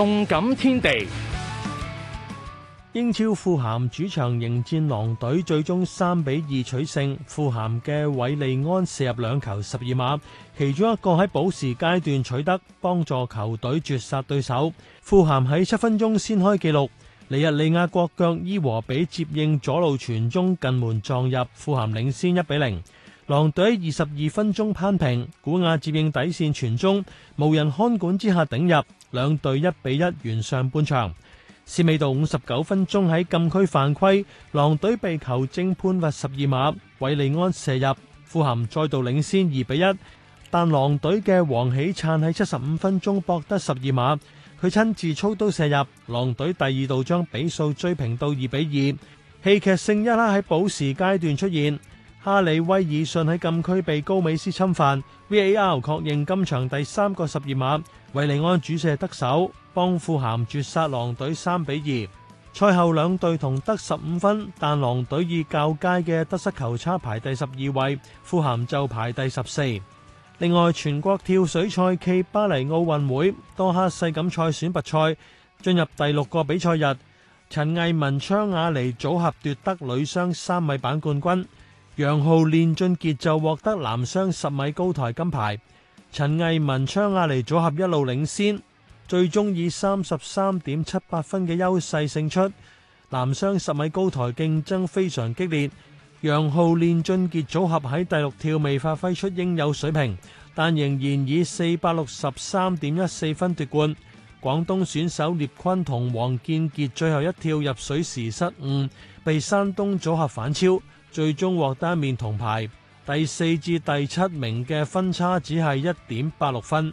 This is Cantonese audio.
動感天地，英超富咸主場迎戰狼隊，最終三比二取勝。富咸嘅韋利安射入兩球十二碼，其中一個喺補時階段取得，幫助球隊絕殺對手。富咸喺七分鐘先開紀錄，尼日利亞國腳伊和比接應左路傳中近門撞入，富咸領先一比零。狼隊二十二分鐘扳平，古亞接應底線傳中，無人看管之下頂入，兩隊一比一完上半場。先尾到五十九分鐘喺禁區犯規，狼隊被球證判罰十二碼，韋利安射入，富咸再度領先二比一。但狼隊嘅黃喜燦喺七十五分鐘博得十二碼，佢親自操刀射入，狼隊第二度將比數追平到二比二。戲劇性一刻喺補時階段出現。哈里威爾遜喺禁區被高美斯侵犯，VAR 確認今場第三個十二碼，韋利安主射得手，幫富咸絕殺狼隊三比二。賽後兩隊同得十五分，但狼隊以較佳嘅得失球差排第十二位，富咸就排第十四。另外，全國跳水賽暨巴黎奧運會多哈世錦賽選拔賽進入第六個比賽日，陳藝文、昌雅妮組合奪得女雙三米板冠軍。楊浩、練俊傑就獲得男雙十米高台金牌。陳藝文、昌雅妮組合一路領先，最終以三十三點七八分嘅優勢勝出。男雙十米高台競爭非常激烈，楊浩、練俊傑組合喺第六跳未發揮出應有水平，但仍然以四百六十三點一四分奪冠。廣東選手聶坤同黃建傑最後一跳入水時失誤，被山東組合反超。最終獲得一面銅牌，第四至第七名嘅分差只係一點八六分。